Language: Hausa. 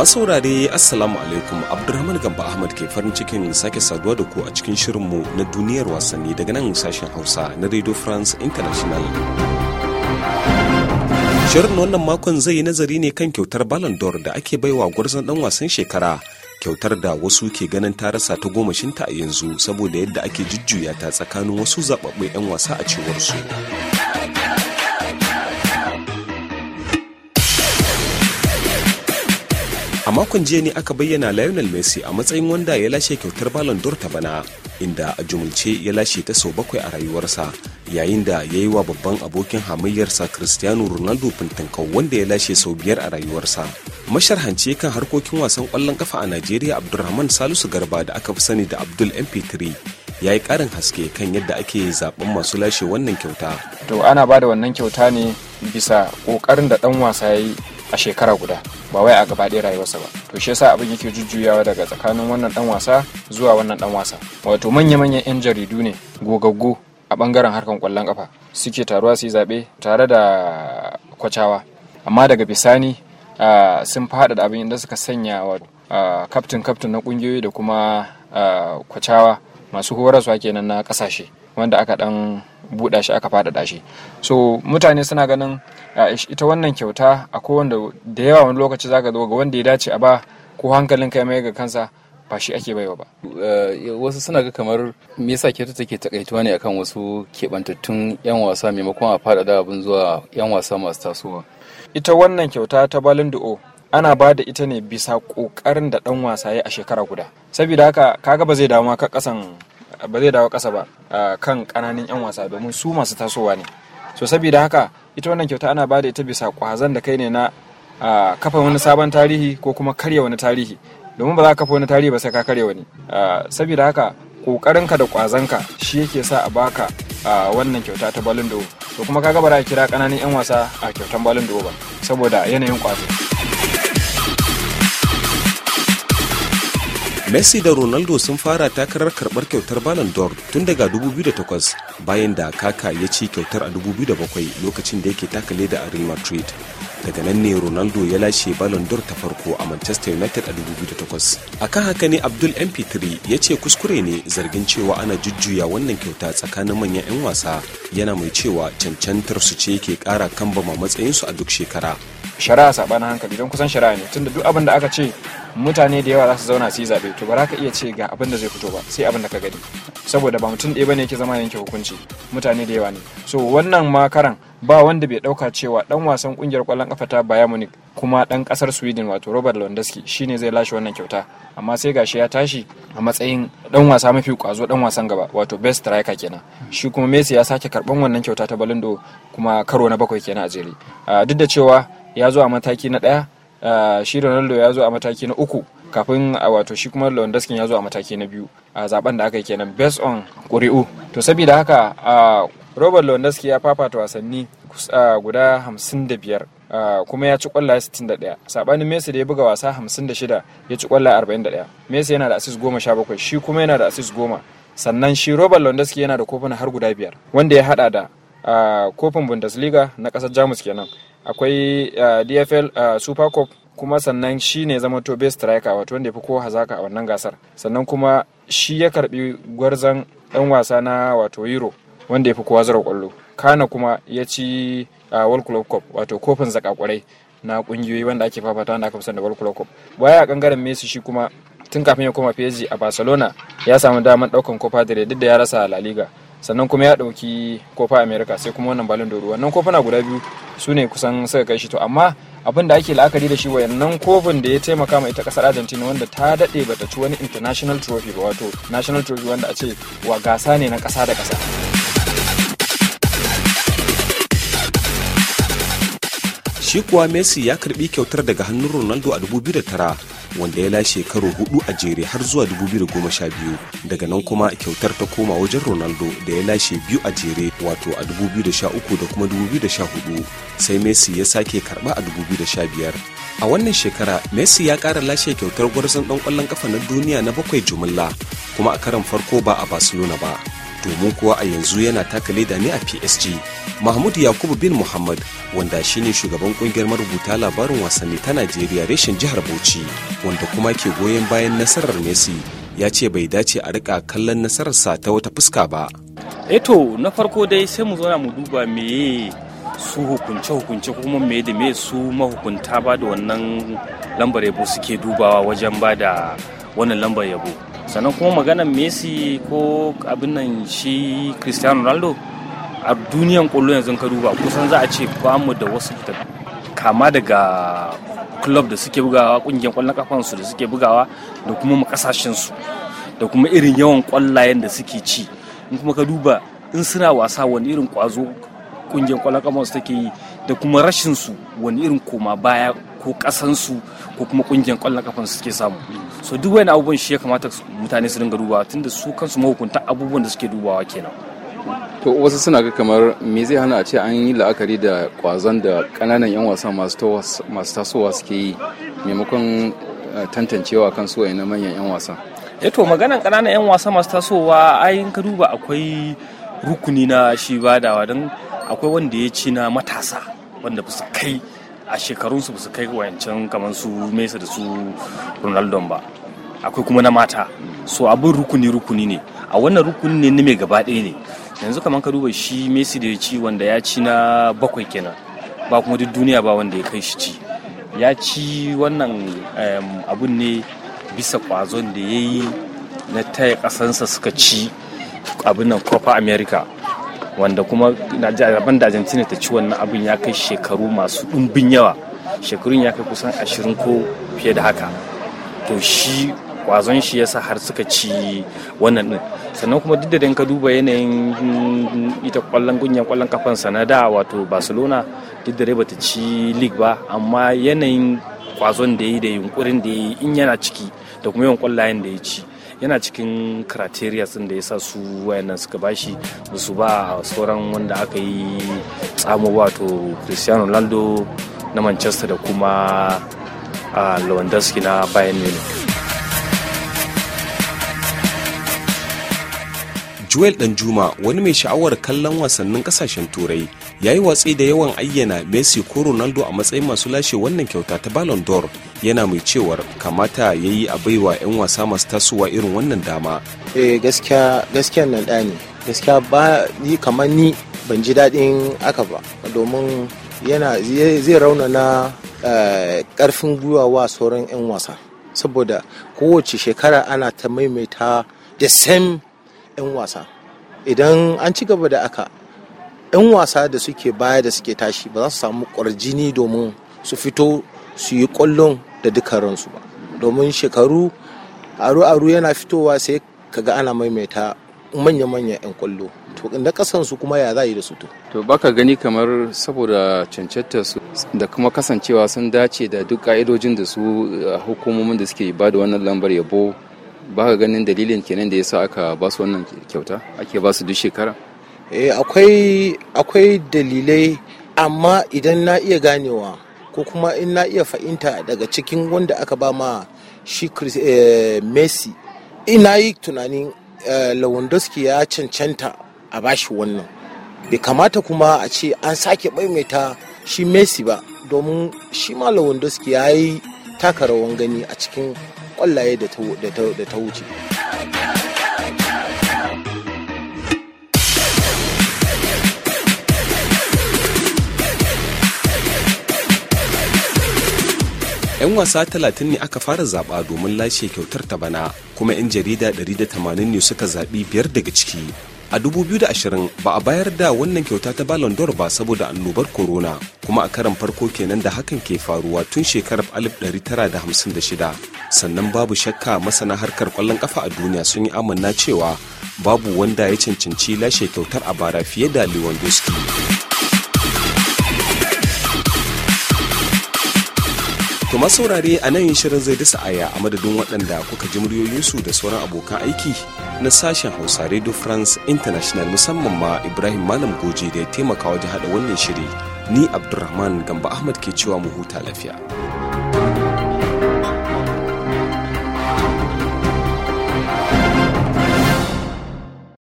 masu saurare assalamu alaikum abdulrahman gamba ahmad ke farin cikin sake saduwa da ku a cikin shirinmu na duniyar wasanni daga nan sashen hausa na radio france international shirin wannan makon zai yi nazari ne kan kyautar ballon d'or da ake baiwa gwarzon dan wasan shekara kyautar da wasu ke ganin ta rasa ta shinta a yanzu saboda yadda ake jujjuya ta tsakanin wasu zaɓaɓɓen 'yan wasa a cewar su A makon jiya ne aka bayyana Lionel Messi a matsayin wanda ya lashe kyautar Ballon d'Or ta bana, inda a jumulce ya lashe ta sau bakwai a rayuwarsa, yayin da ya yi wa babban abokin hamayyarsa Cristiano Ronaldo fintankau wanda ya lashe sau biyar a rayuwarsa. Masharhanci kan harkokin wasan ƙwallon ƙafa a Najeriya Abdulrahman Salisu Garba da aka fi sani da Abdul MP3 ya yi ƙarin haske kan yadda ake zaɓen masu lashe wannan kyauta. To ana ba da wannan kyauta ne bisa ƙoƙarin da ɗan wasa ya yi a shekara guda ba wai a gaba ɗaya rayuwarsa ba to shi yasa abin yake jujjuyawa daga tsakanin wannan dan wasa zuwa wannan dan wasa wato manya-manyan 'yan jaridu ne gogaggo a bangaren harkan kwallon kafa suke taruwa su yi zaɓe tare da kwacawa amma daga bisani sun fada da abin da suka sanya wa kaftin kaftin na ƙungiyoyi da kuma kwacawa masu horaswa kenan na kasashe wanda aka ɗan buɗa shi aka faɗaɗa shi so mutane suna ganin ita wannan kyauta a kowanne da yawa wani lokaci zaka zo ga wanda ya dace a ba ko hankalin ka mai ga kansa ba shi ake baiwa ba eh, wasu suna ga kamar me yasa kyauta take takaituwa ne akan wasu keɓantattun yan wasa maimakon a faɗaɗa abin zuwa yan wasa masu tasowa ita wannan kyauta ta balin d'o ana ba da ita ne bisa kokarin da dan wasa ya a shekara guda saboda haka kaga ba zai dawo ma ka kasan ba zai dawo kasa ba eh, kan kananan yan wasa domin su masu tasowa ne so saboda haka ita wannan kyauta ana bada ita bisa kwazon da kai ne na kafa wani sabon tarihi ko kuma karya wani tarihi domin ba za ka kafa wani tarihi ba sai ka karya wani saboda haka ƙoƙarinka da ka shi yake sa a baka wannan kyauta ta balon to kuma kaga ba za a kira kananan yan wasa a kyautan balon ba saboda yanayin kwazo Messi da Ronaldo sun fara takarar karbar kyautar Ballon d'Or tun daga 2008 bayan da Kaka ya ci kyautar a 2007 lokacin da yake takale da Real Madrid. Daga nan ne Ronaldo ya lashe Ballon d'Or ta farko a Manchester United a 2008. Akan haka ne Abdul MP3 ya ce kuskure ne zargin cewa ana jujjuya wannan kyauta tsakanin manyan 'yan wasa yana mai cewa cancantar su ce kara kan kambama matsayinsu a duk shekara. shari'a sabanin hankali don kusan shari'a ne tunda duk abin da aka ce mutane da yawa za su zauna su yi zaɓe to ba za ka iya ce ga abin da zai fito ba sai abin da ka gani saboda ba mutum ɗaya bane yake zama yanke hukunci mutane da yawa ne so wannan ma ba wanda bai ɗauka cewa dan wasan ƙungiyar ƙwallon ƙafa ta Bayern Munich kuma ɗan kasar Sweden wato Robert Lewandowski shine zai lashe wannan kyauta amma sai gashi ya tashi a matsayin ɗan wasa mafi ƙwazo ɗan wasan gaba wato best striker kenan shi kuma Messi ya sake karɓan wannan kyauta ta balindo kuma karo na bakwai kenan a jere ah, duk da cewa ya zo a mataki na ɗaya Eh, shi Ronaldo ya zo a mataki na uku kafin a wato shi kuma Lewandowski ya zo a mataki na biyu a zaben da aka yi kenan based on ƙuri'u to saboda haka Robert Lewandowski ya fafata wasanni guda 55 kuma ya ci kwallaye 61 sabanin Messi da ya buga wasa 56 ya ci kwallaye 41 Messi yana da assist 17 shi kuma yana da assist goma sannan shi Robert Lewandowski yana da kofuna har guda biyar wanda ya hada da kofin Bundesliga na kasar Jamus kenan akwai uh, dfl uh, super cup kuma sannan shi ne zama to best striker wato wanda ya fi kowa hazaka a wannan gasar sannan kuma shi ya karbi gwarzon dan wasa na wato euro wanda ya fi kowa zara kwallo kana kuma ya ci uh, world club cup wato kofin zakakurai na kungiyoyi wanda ake fafata wanda aka fi da world club cup baya a kangaren messi shi kuma tun kafin ya koma PSG a Barcelona ya samu damar daukan Copa del Rey duk da ya rasa La Liga sannan kuma ya dauki kofa a america sai kuma wannan balon doro wannan kofuna guda biyu su ne kusan suka kai shi to amma abin da ake la'akari da shi wayannan kofin da ya taimaka mai ita kasar argentina wanda ta daɗe bata ci wani international trophy ba wato national trophy wanda a ce wa gasa ne na kasa da kasa. shi kuwa messi ya karbi kyautar daga hannun ronaldo a 2009 wanda ya lashe karo hudu a jere har zuwa 2012 daga nan kuma kyautar ta koma wajen ronaldo da ya lashe biyu a jere wato a 2013 da kuma 2014 sai messi ya sake karba a 2015 a wannan shekara messi ya kara lashe kyautar gwarzon dan kwallon kafa na duniya na bakwai jumla kuma a karon farko ba a barcelona ba domin kuwa a yanzu yana taka leda ne a psg mahmud yakubu bin muhammad wanda shine shugaban kungiyar marubuta labarin wasanni ta najeriya reshen jihar bauchi wanda kuma ke goyon bayan nasarar messi ya ce bai dace a rika kallon nasararsa ta wata fuska ba eto eh na farko dai sai mu zauna mu duba meye su hukunce hukunce kuma me da me su mahukunta ba da wannan lambar yabo suke dubawa wajen ba da wannan lambar yabo sannan kuma maganar messi ko abin nan shi cristiano ronaldo a duniyan kwallo yanzu ka duba kusan za a ce ba mu da wasu kama daga club da suke bugawa kungiyar kwallon kafansu da suke bugawa da kuma mu su da kuma irin yawan kwallayen da suke ci in kuma ka duba in suna wasa wani irin kwazo kungiyar kwallon kafansu take yi da kuma rashin su wani irin koma baya ko su ko kuma kungiyar kwallon kafansu suke samu so duk wani abubuwan shi ya kamata mutane su dinga dubawa tunda su kansu mahukunta abubuwan da suke dubawa kenan to wasu suna ga kamar me zai hana a ce an yi la'akari da kwazon da kananan 'yan wasa masu tasowa suke yi maimakon eh, tantancewa kan suwa na manyan 'yan wasa eh to maganan kananan 'yan wasa masu tasowa ayin ka duba akwai rukuni na shi badawa don akwai wanda ya ci na matasa wanda ba su kai a shekarunsu ba su kai wayancan kamar su mesa da su ronaldo ba akwai kuma na mata so abin rukuni rukuni ne a wannan rukunin ne na mai gaba ɗaya ne yanzu kamar ka duba shi messi da ya ci wanda ya ci na bakwai kenan ba kuma duk duniya ba wanda ya kai shi ci ya ci wannan abun ne bisa kwazon da ya yi na taya kasansa suka ci abin nan copa america wanda kuma rabon da argentina ta ci wannan abin ya kai shekaru masu ɗumbin yawa shekarun ya kai kusan ashirin ko fiye da haka to shi kwazon shi yasa har suka ci wannan din sannan kuma duk da dan ka duba yanayin mm, ita kwallon gunyan kwallon kafan da wato barcelona duk da bata ci league ba amma yanayin kwazon da yi da yunkurin da yi in yana ciki da kuma yawan kwallayen da ya ci yana cikin criteria din da ya sa su wayannan suka bashi su ba a sauran wanda aka yi tsamo wato cristiano ronaldo na manchester da kuma ah, lewandowski na bayan munich Joel Danjuma wani mai sha'awar kallon wasannin kasashen turai ya yi watsi da yawan ayyana Messi ko Ronaldo a matsayin masu lashe wannan kyauta ta Ballon d'Or yana mai cewar kamata ya yi a baiwa 'yan wasa masu tasowa irin wannan dama. Eh, gaskiya gaskiya nan ne gaskiya ba ni kamar ni ban ji daɗin aka ba domin yana zai na eh, ƙarfin gwiwa wa sauran 'yan wasa saboda kowace shekara ana ta maimaita the same 'yan wasa idan an ci gaba da aka 'yan wasa da suke baya da suke tashi ba za su samu kwarjini domin su fito su yi kwallon da duka ransu ba domin shekaru aru-aru yana fitowa sai kaga ana maimaita manya-manya 'yan kwallo to inda kasan kuma ya za yi da su to to baka gani kamar saboda cancantar su da kuma kasancewa sun dace da duk ka'idojin da su eh, hukumomin da suke ba da wannan lambar yabo ba ka ganin dalilin kenan da yasa aka ba su wannan kyauta ake ba su duk shekara eh akwai akwai dalilai amma idan na iya ganewa ko kuma in na iya fahimta daga cikin wanda aka ba ma shi eh, messi ina yi tunanin eh, lewandowski ya cancanta a bashi wannan bai kamata kuma a ce an sake maimaita shi messi ba domin shi ma lewandowski ya yi taka rawan gani a cikin kwallaye da ta wuce. yan wasa 30 ne aka fara zaba domin lashe kyautar ta bana kuma yan jarida 180 ne suka zaɓi biyar daga ciki a 2020 ba a bayar da wannan kyauta ta Ballon d'Or ba saboda annobar corona kuma a karan farko kenan da hakan ke faruwa tun shekarar 1956 sannan babu shakka masana harkar kwallon kafa a duniya sun yi amanna cewa babu wanda ya cancanci lashe kyautar a bara fiye da Lewandowski. To saurare a nan shirin zai dasa aya a madadin waɗanda kuka ji muryoyinsu da sauran abokan aiki na sashen Hausa Radio France International musamman ma Ibrahim Malam Goje da ya taimaka wajen haɗa wannan shiri. Ni Abdulrahman Gamba Ahmad ke cewa mu huta lafiya.